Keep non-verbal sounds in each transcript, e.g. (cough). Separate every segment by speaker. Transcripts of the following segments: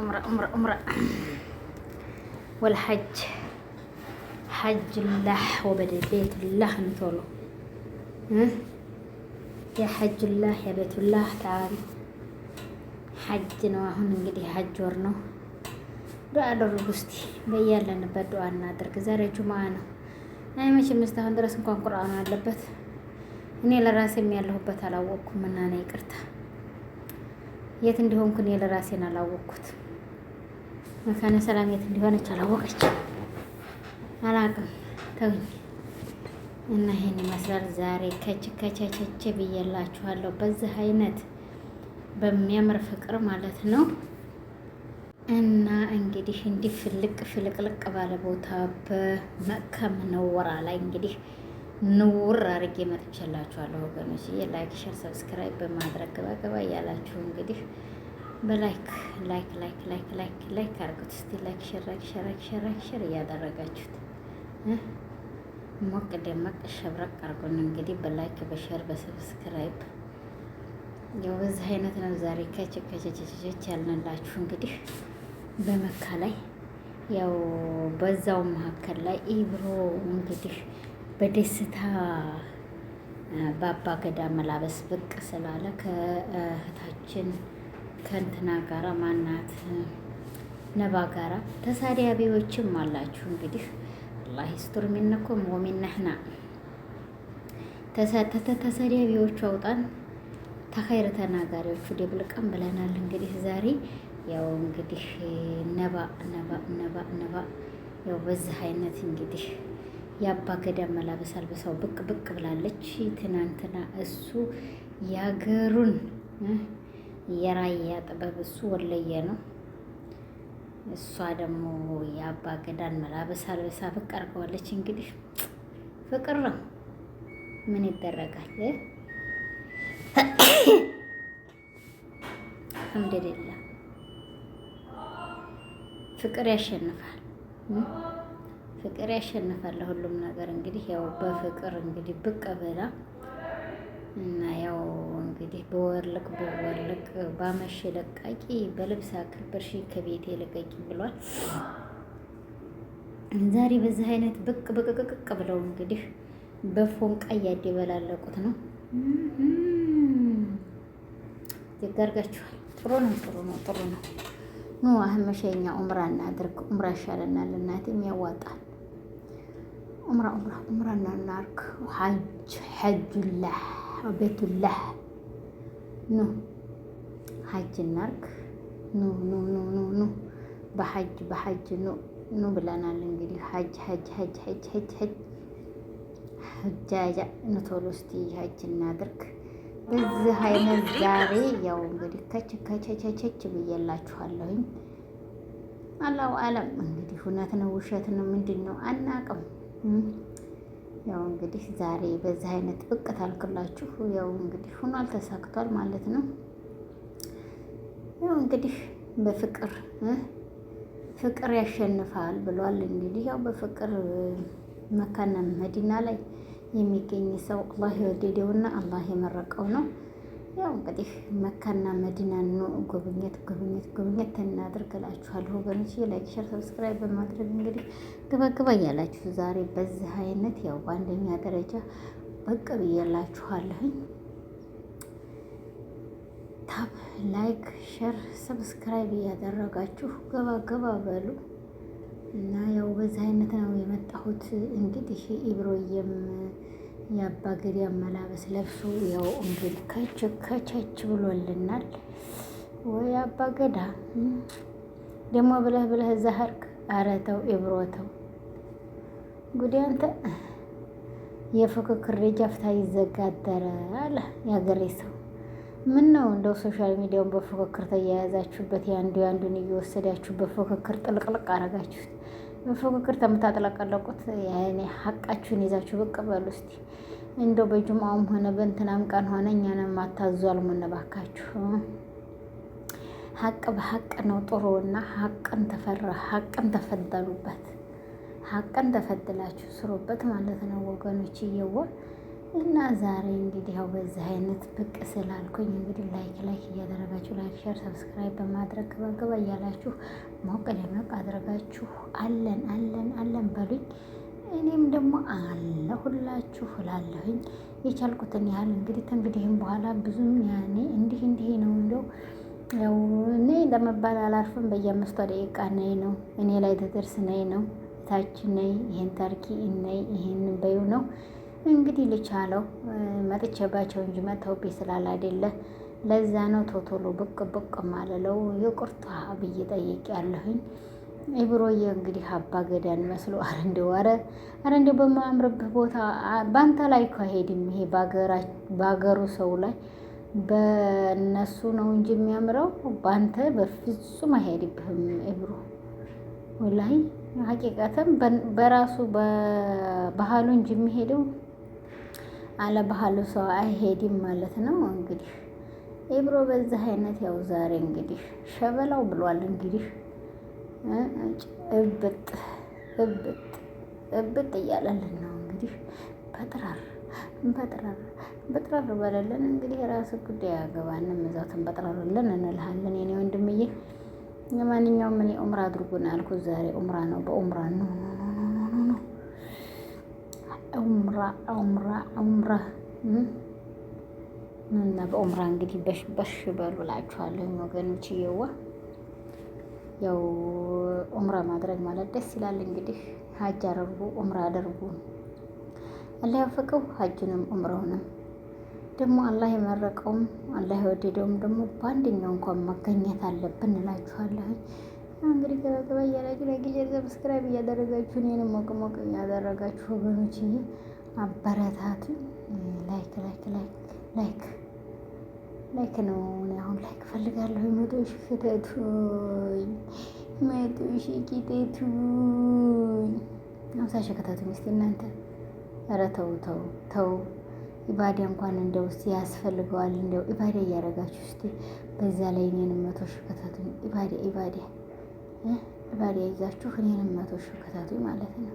Speaker 1: ኡምራ ኡምራ ኡምራ ወልሐጅ ሐጅላህ ወበደ ቤቱላህ እንቶሎ የሐጅላህ የቤቱላህ ተዓል ሐጅ ነው። አሁን እንግዲህ ሐጅ ወር ነው። ዱዓ አደረጉ እስቲ በያለንበት ዱዓ እናድርግ። ዛሬ ጁማ ነው። አይ መቼም እስካሁን ድረስ እንኳን ቁርአኑ አለበት እኔ ለራሴም ያለሁበት አላወቅኩም እና ነው ይቅርታ የት እንደሆንኩ እኔ ለራሴን አላወቅኩት። መካነ ሰላም የት እንዲሆነች አላወቀች አላቅም ተውኝ። እና ይሄን ይመስላል ዛሬ ከች ከቸቸች ብዬላችኋለሁ። በዚህ አይነት በሚያምር ፍቅር ማለት ነው። እና እንግዲህ እንዲህ ፍልቅ ፍልቅልቅ ባለ ቦታ በመካ ምነወራ ላይ እንግዲህ ንውር አድርጌ መጥቻላችኋለሁ ወገኖች። ላይክ፣ ሸር፣ ሰብስክራይብ በማድረግ ገባ እያላችሁ እንግዲህ በላይክ ላይክ ላይክ ላይክ ላይክ ላይክ አድርጉት እስቲ ላይክ ሼር ላይክ ሼር ላይክ እያደረጋችሁት ሞቅ ደመቅ ሸብረቅ አድርጎን እንግዲህ በላይክ በሼር በሰብስክራይብ ያው በዚህ አይነት ነው ዛሬ ከቸከቸቸቸች ያልንላችሁ እንግዲህ በመካ ላይ ያው በዛው መካከል ላይ ኢብሮ እንግዲህ በደስታ በአባ ገዳ መላበስ ብቅ ስላለ ከእህታችን ከእንትና ጋራ ማናት ነባ ጋራ ተሳዳቢዎችም አላችሁ እንግዲህ አላህ ይስጥር ሚንኩም ወሚነህና ተሳዳቢዎቹ አውጣን ተኸይር ተናጋሪዎቹ ደብልቀን ብለናል። እንግዲህ ዛሬ ያው እንግዲህ ነባ ነባ ነባ ነባ ያው በዚህ አይነት እንግዲህ የአባ ገዳ መላበስ አልበሳው ብቅ ብቅ ብላለች። ትናንትና እሱ ያገሩን የራያ ጥበብ እሱ ወለየ ነው። እሷ ደግሞ የአባ ገዳን መላበሳ ልበሳ ፍቅ አድርገዋለች። እንግዲህ ፍቅር ነው፣ ምን ይደረጋል። አልሐምዱሊላ ፍቅር ያሸንፋል፣ ፍቅር ያሸንፋል ለሁሉም ነገር። እንግዲህ ያው በፍቅር እንግዲህ ብቅ ብላ እና ያው እንግዲህ በወርልቅ በወርልቅ ባመሽ ለቃቂ በልብስ አክርበርሽ ከቤት ለቀቂ ብሏል። ዛሬ በዚህ አይነት ብቅ ብቅቅቅ ብለው እንግዲህ በፎን በፎንቃ እያደበላለቁት ነው። ይጋርጋችኋል። ጥሩ ነው፣ ጥሩ ነው፣ ጥሩ ነው። ኑ አህመሸኛ ኡምራ እናድርግ። ኡምራ ይሻለናል፣ እናቴም ያዋጣል። ኡምራ ኡምራ ኡምራ እናድርግ። ሐጅ ሐጁላህ ቤቱላህ ኑ ሀጅ እናርግ ኑ ኑ ኑ ኑ ኑ በሀጅ በሀጅ ኑ ኑ ብለናል። እንግዲህ ሀጅ ሀጅ ሀጅ ሀጅ ሀጅ ሀጅ ሀጃጃ ኑ ቶሎ እስቲ ሀጅ እናድርግ። በዚህ አይነት ዛሬ ያው እንግዲህ ከች ከቸቸቸች ብዬላችኋለሁኝ። አላሁ አለም እንግዲህ እውነት ነው ውሸት ነው ምንድን ነው አናውቅም። ያው እንግዲህ ዛሬ በዚህ አይነት ብቅ ታልክላችሁ ያው እንግዲህ ሆኗል ተሳክቷል ማለት ነው። ያው እንግዲህ በፍቅር ፍቅር ያሸንፋል ብሏል። እንግዲህ ያው በፍቅር መካነ መዲና ላይ የሚገኝ ሰው አላህ የወደደውና አላህ የመረቀው ነው። ያው እንግዲህ መካና መዲናን ነው ጉብኝት ጉብኝት ጉብኝት እናድርግ እላችኋለሁ ወገኖች። ላይክ ሸር፣ ሰብስክራይብ በማድረግ እንግዲህ ገባገባ እያላችሁ ዛሬ በዚህ አይነት ያው በአንደኛ ደረጃ ብቅ ብዬላችኋለሁኝ። ታብ ላይክ፣ ሸር፣ ሰብስክራይብ እያደረጋችሁ ገባገባ በሉ እና ያው በዚህ አይነት ነው የመጣሁት እንግዲህ ኢብሮዬም የአባ ገዳ አመላበስ ለብሶ ያው እንግዲህ ከች ከቸች ብሎልናል። ወይ አባ ገዳ ደግሞ ብለህ ብለህ ዛህርክ አረተው ኢብሮተው ጉዲ አንተ የፍክክር ጃፍታ ይዘጋደረ አለ ያገሬ ሰው። ምን ነው እንደው ሶሻል ሚዲያውን በፉክክር ተያያዛችሁበት፣ የአንዱ የአንዱን እየወሰዳችሁ በፉክክር ጥልቅልቅ አረጋችሁት። ፉክክር ተምታጥለቀለቁት ያኔ ሀቃችሁን ይዛችሁ ብቅ በሉ እስቲ። እንደው በጅምዓውም ሆነ በእንትናም ቀን ሆነ እኛንም አታዙ አልሞነ ሀቅ በሀቅ ነው ጥሩ ጥሩና ሀቅን ተፈራ ሀቅን ተፈደሉበት ሀቅን ተፈድላችሁ ስሩበት ማለት ነው ወገኖች እየወ እና ዛሬ እንግዲህ ያው በዚህ አይነት ብቅ ስላልኩኝ እንግዲህ ላይክ ላይክ እያደረጋችሁ ላይክ ሸር ሰብስክራይብ በማድረግ ገባገባ እያላችሁ ሞቅ ደመቅ አድርጋችሁ አለን አለን አለን በሉኝ። እኔም ደግሞ አለሁላችሁ እላለሁኝ የቻልኩትን ያህል እንግዲህ ተንግዲህም በኋላ ብዙም ያኔ እንዲህ እንዲህ ነው እንደው ያው እኔ ለመባል አላርፍም። በየአምስቷ ደቂቃ ነይ ነው እኔ ላይ ተደርስ ነይ ነው ታች ነይ ይህን ታርኪ ነይ ይህን በዩ ነው እንግዲህ ልቻለው መጥቼባቸው እንጂ መተውቤ ስላል አይደለ ለዛ ነው ቶቶሎ ብቅ ብቅ ማለለው ይቅርታ ብዬ ጠይቄያለሁኝ። ኢብሮዬ እንግዲህ አባ ገዳን መስሎ (laughs) አረ እንደው አረ አረ እንደው በማያምርብህ ቦታ በአንተ ላይ እኮ ይሄ በአገሩ ሰው ላይ በነሱ ነው እንጂ የሚያምረው በአንተ በፍጹም አይሄድብህም ኢብሮ ላይ ሀቂቃተም በራሱ በባህሉ እንጂ የሚሄደው አለ ባህሉ ሰው አይሄድም ማለት ነው። እንግዲህ ኤብሮ በዚህ አይነት ያው ዛሬ እንግዲህ ሸበላው ብሏል። እንግዲህ እብጥ እብጥ እብጥ እያለልን ነው እንግዲህ በጥራር በጥራር በጥራር በለልን እንግዲህ የራስ ጉዳይ አገባንም እዛትን በጥራርልን እንልሃለን የኔ ወንድምዬ። ለማንኛውም እኔ ኡምራ አድርጉን አልኩ ዛሬ ኡምራ ነው በኡምራ ነው ዑምራ ዑምራ ዑምራ እና በዑምራ እንግዲህ በሽበሽ በሉላችኋለሁ ወገኖች እየዋ ያው ዑምራ ማድረግ ማለት ደስ ይላል። እንግዲህ ሀጅ አደርጉ ዑምራ አደርጉ አላህ ያወፈቀው ሀጅንም ዑምራውንም ደግሞ አላህ የመረቀውም አላህ የወደደውም ደግሞ በአንደኛው እንኳን መገኘት አለብን እላችኋለሁ። እንግዲህ ገባገባ እያላችሁ ሰብስክራይብ እያደረጋችሁ እኔንም ሞቅ ሞቅ እያደረጋችሁ ወገኖች አበረታቱ። ላይክ ላይክ ላይክ ላይክ ላይክ ነው። እኔ አሁን ላይክ ፈልጋለሁ። መቶ ሺህ ክተቱኝ፣ መቶ ሺህ ኪቴቱኝ፣ አምሳ ሺህ ክተቱኝ። እስኪ እናንተ ኧረ ተው ተው ተው። ኢባዳ እንኳን እንደው እስኪ ያስፈልገዋል። እንደው ኢባዳ እያደረጋችሁ እስኪ በዛ ላይ እኔንም መቶ ሺህ ክተቱኝ። ኢባዳ ኢባዳ ባዲያ ይዛችሁ እኔንም መቶ ሺህ ከታቱኝ ማለት ነው።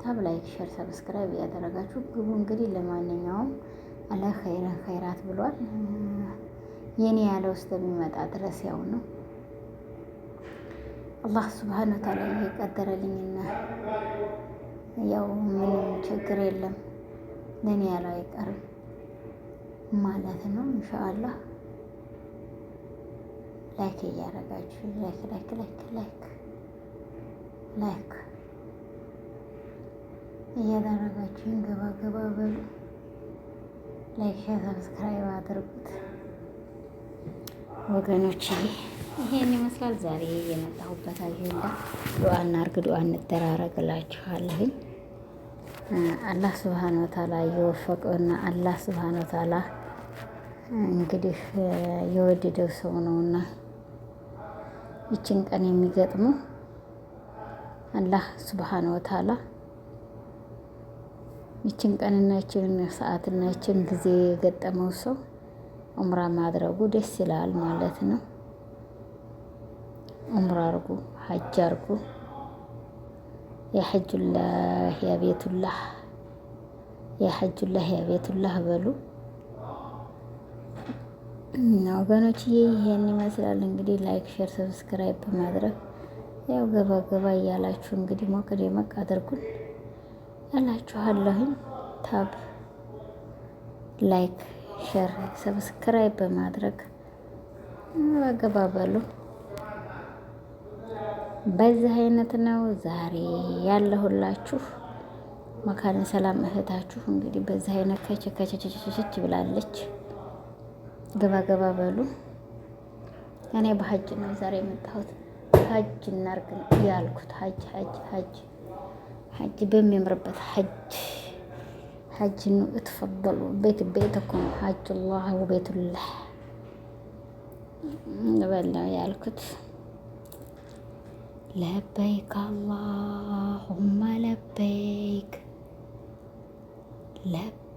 Speaker 1: ታብ ላይክ፣ ሸር፣ ሰብስክራይብ እያደረጋችሁ ግቡ። እንግዲህ ለማንኛውም አለ ኸይረን ኸይራት ብሏል። የኔ ያለው እስከሚመጣ ድረስ ያው ነው። አላህ ስብሓን ወተዓላ እየቀደረልኝና ያው ምንም ችግር የለም ለእኔ ያለው አይቀርም ማለት ነው። እንሻአላህ ላይክ እያደረጋችሁ ላይክ ላይክ ላይክ ላይክ ላይክ እያደረጋችሁን ገባ ገባ በሉ። ላይክ ሸር፣ ሰብስክራይብ አድርጉት ወገኖች። ይሄን ይመስላል ዛሬ የመጣሁበት አጀንዳ። ዱዓ እናርግ፣ ዱዓ እንደራረግላችኋለሁኝ። አላህ ስብሓን ወተዓላ የወፈቀውና አላህ ስብሓን ወተዓላ እንግዲህ የወደደው ሰው ነውና ይችን ቀን የሚገጥሙ አላህ ስብሓን ወተዓላ ይችን ቀንና ይችን ሰዓትና ይችን ጊዜ የገጠመው ሰው ኡምራ ማድረጉ ደስ ይላል ማለት ነው። ኡምራ አርጉ፣ ሀጅ አርጉ። የሐጁላህ ያ ቤቱላህ፣ የሐጁላህ ያ ቤቱላህ በሉ። ወገኖችዬ ይሄን ይመስላል እንግዲህ ላይክ፣ ሼር፣ ሰብስክራይብ በማድረግ ያው ገባ ገባ እያላችሁ እንግዲህ ሞቅ ደመቅ አድርጉን እላችኋለሁኝ። ታብ ላይክ፣ ሼር፣ ሰብስክራይብ በማድረግ አገባበሉ በዚህ አይነት ነው ዛሬ ያለሁላችሁ። መካነ ሰላም እህታችሁ እንግዲህ በዚህ አይነት ከቸ ከቸ ብላለች። ገባ ገባ በሉ። እኔ በሀጅ ነው ዛሬ የመጣሁት። ሀጅ እናርግ ነው ያልኩት። ሀጅ ሀጅ ሀጅ ሀጅ በሚያምርበት ሀጅ ሀጅ ነው። እትፈበሉ ቤት ቤትኩም ሀጅላህ ወቤቱላህ በላ ያልኩት። ለበይክ አላሁማ ለበይክ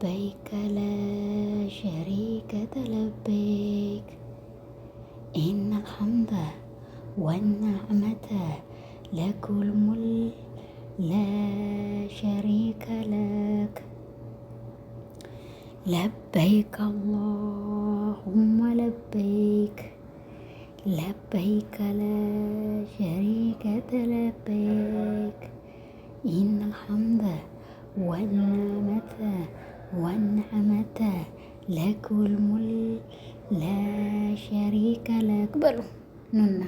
Speaker 1: لبيك لا شريك لبيك إن الحمد والنعمة لك المل لا شريك لك لبيك اللهم لبيك لبيك لا شريك لبيك إن الحمد والنعمة ወነዕመተ ለክ ወልሙልክ ለሸሪከ ለክ በሉ ኑና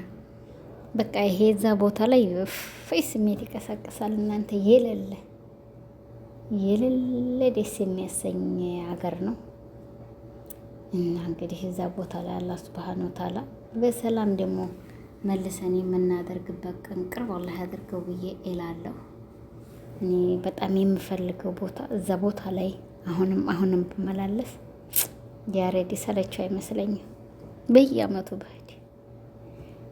Speaker 1: በቃ ይሄ እዛ ቦታ ላይ እፎይ ስሜት ይቀሳቀሳል። እናንተ የሌለ የሌለ ደስ የሚያሰኝ ሀገር ነው እና እንግዲህ እዛ ቦታ ላይ አላህ ሱብሃነ ወተዓላ በሰላም ደግሞ መልሰን የምናደርግበት ቀን ቅርብ አላህ ያድርገው ብዬ እላለሁ። እኔ በጣም የምፈልገው ቦታ እዛ ቦታ ላይ አሁንም አሁንም ብመላለስ ያሬድ ሰለቸው አይመስለኝም። በየአመቱ ባህድ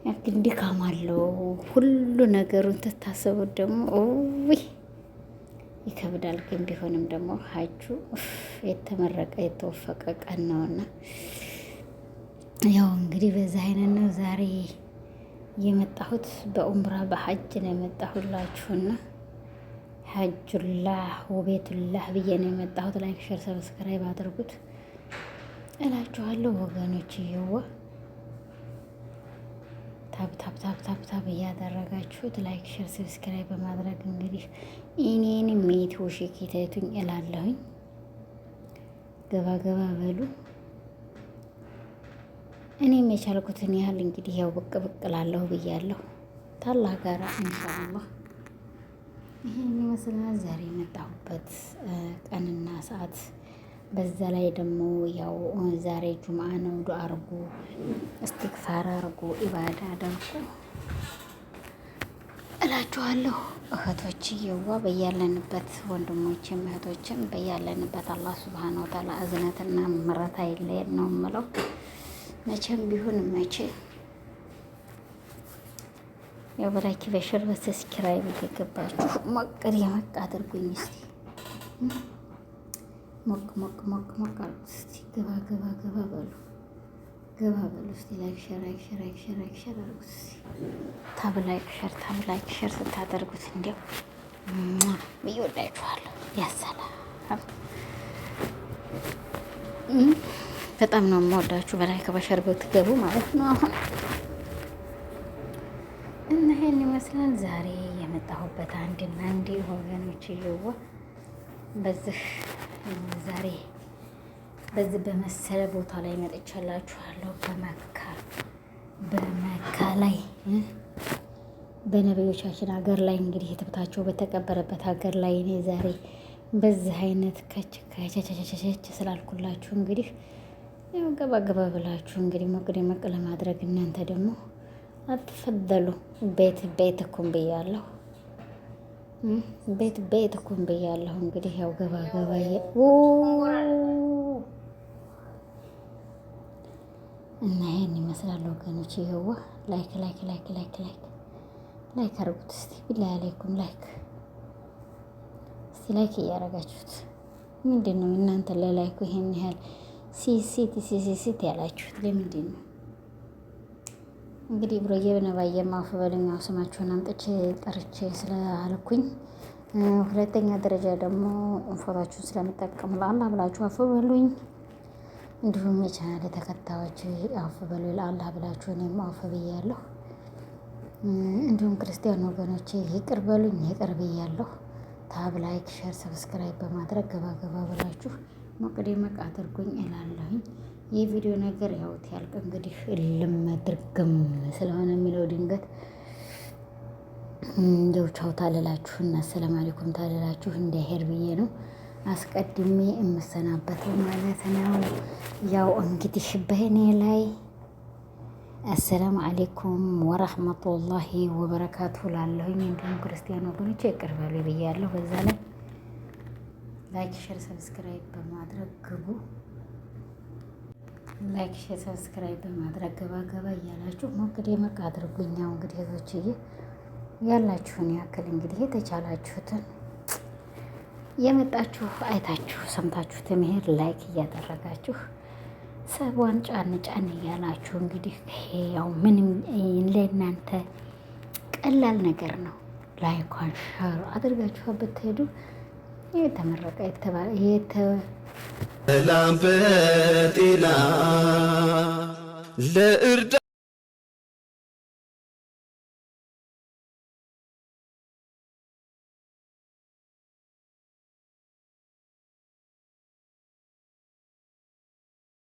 Speaker 1: ያክል ድካም አለው። ሁሉ ነገሩን ትታሰቡት ደግሞ ውይ ይከብዳል። ግን ቢሆንም ደግሞ ሀጁ የተመረቀ የተወፈቀ ቀን ነውና ያው እንግዲህ በዛ አይነት ነው ዛሬ የመጣሁት። በኡምራ በሀጅ ነው የመጣሁላችሁና ሀጁላህ ውቤቱላህ ብዬ ነው የመጣሁት። ላይክ ሸር ሰብስክራይብ አድርጉት እላችኋለሁ ወገኖች። እየዋ ታብ ታብ ታብ ታብ ታብ እያደረጋችሁት ላይክ ሸር ሰብስክራይብ በማድረግ እንግዲህ እኔን ሜት ውሽክ የተቱኝ እላለሁኝ። ገባ ገባ በሉ። እኔም የቻልኩትን ያህል እንግዲህ ያው ብቅ ብቅ ላለሁ ብያለሁ ታላህ ጋራ ኢንሻአላህ ይህን ይመስላል ዛሬ የመጣሁበት ቀንና ሰዓት። በዛ ላይ ደግሞ ያው ዛሬ ጁምአ ነው። ዱአ አርጉ፣ እስትግፋር አርጉ፣ ኢባዳ አድርጉ እላችኋለሁ እህቶች እየዋ በያለንበት ወንድሞችም እህቶችም በያለንበት አላህ ስብሓን ወተዓላ እዝነትና ምሕረት አይለየን ነው የምለው። መቼም ቢሆን መቼ የብራኪ በሽር በሰብስክራይብ እየገባችሁ ሞቅር የመቅ አድርጉኝ። እስቲ ሞቅ ሞቅ ሞቅ ሞቅ አድርጉት። እስቲ ገባ ገባ ገባ በሉ ገባ በሉ። እስቲ ላይክ ሸር ላይክ ሸር ላይክ ሸር ላይክ ሸር አድርጉት። ታብ ላይክ ሸር ታብ ላይክ ሸር ስታደርጉት እንዲያው ብዬ ወዳችኋለሁ። ያሰላም በጣም ነው የምወዳችሁ። በላይክ በሸር ብትገቡ ማለት ነው አሁን ይሄን ይመስላል ዛሬ የመጣሁበት አንድና አንድ ወገኖች እየወ በዚህ ዛሬ በዚህ በመሰለ ቦታ ላይ መጥቻላችኋለሁ። በመካ በመካ ላይ በነቢዮቻችን ሀገር ላይ እንግዲህ እትብታቸው በተቀበረበት ሀገር ላይ እኔ ዛሬ በዚህ አይነት ከች ከቸቸቸቸች ስላልኩላችሁ እንግዲህ ያው ገባ ብላችሁ እንግዲህ ሞቅ ደመቅ ለማድረግ እናንተ ደግሞ አትፈደሉ ቤት ቤት እኩም ብያለሁ። ቤት ቤት እኩም ብያለሁ። እንግዲህ ያው ገባ ገባ እና ይሄን ይመስላል ወገኖች። ይሄዋ ላይክ ላይክ ላይክ ላይክ ላይክ ላይክ አድርጉት እስቲ ቢላሂ አለይኩም ላይክ እስቲ ላይክ እያደረጋችሁት ምንድን ነው እናንተ ለላይኩ ይሄን ያህል ሲሲቲ ሲሲቲ ያላችሁት ለምንድን ነው? እንግዲህ ብሮዬ በነባዬ ማፉ በለኛው ስማችሁን አምጥቼ ጠርቼ ስላልኩኝ፣ ሁለተኛ ደረጃ ደግሞ ፎታችሁን ስለምጠቀሙ ለአላህ ብላችሁ አፉ በሉኝ። እንዲሁም የቻናል ተከታዮች አፉ በሉ፣ ለአላህ ብላችሁ እኔም አፉ ብያለሁ። እንዲሁም ክርስቲያን ወገኖች ይቅር በሉኝ፣ ይቅር ብያለሁ። ታብ፣ ላይክ፣ ሸር፣ ሰብስክራይብ በማድረግ ገባገባ ብላችሁ ሞቅዴ መቃ አድርጉኝ እላለሁኝ። የቪዲዮ ነገር ያው ያልቅ እንግዲህ እልም ድርግም ስለሆነ የሚለው ድንገት እንደው ቻው እና ሰላም አለይኩም ታለላችሁ እንዳይሄድ ብዬ ነው አስቀድሜ የምሰናበተው ማለት ነው። ያው እንግዲህ በእኔ ላይ አሰላም አሌይኩም ወራህመቱላሂ ወበረካቱ ላለሁኝ እንዲሁም ክርስቲያን ወገኖች ይቅርበሉ ብያለሁ። በዛ ላይ ላይክ፣ ሸር፣ ሰብስክራይብ በማድረግ ግቡ። ላይክ፣ ሼር፣ ሰብስክራይብ በማድረግ ገባ ገባ እያላችሁ ሞቅድ የመቅ አድርጉኛው። እንግዲህ እህቶችዬ ያላችሁን ያክል እንግዲህ የተቻላችሁትን የመጣችሁ አይታችሁ ሰምታችሁት መሄድ ላይክ እያደረጋችሁ ሰቧን ጫን ጫን እያላችሁ እንግዲህ ያው ምንም ለእናንተ ቀላል ነገር ነው። ላይኳን ሸር አድርጋችሁ ብትሄዱ የተመረቀ ሰላም በጤና ለእርዳ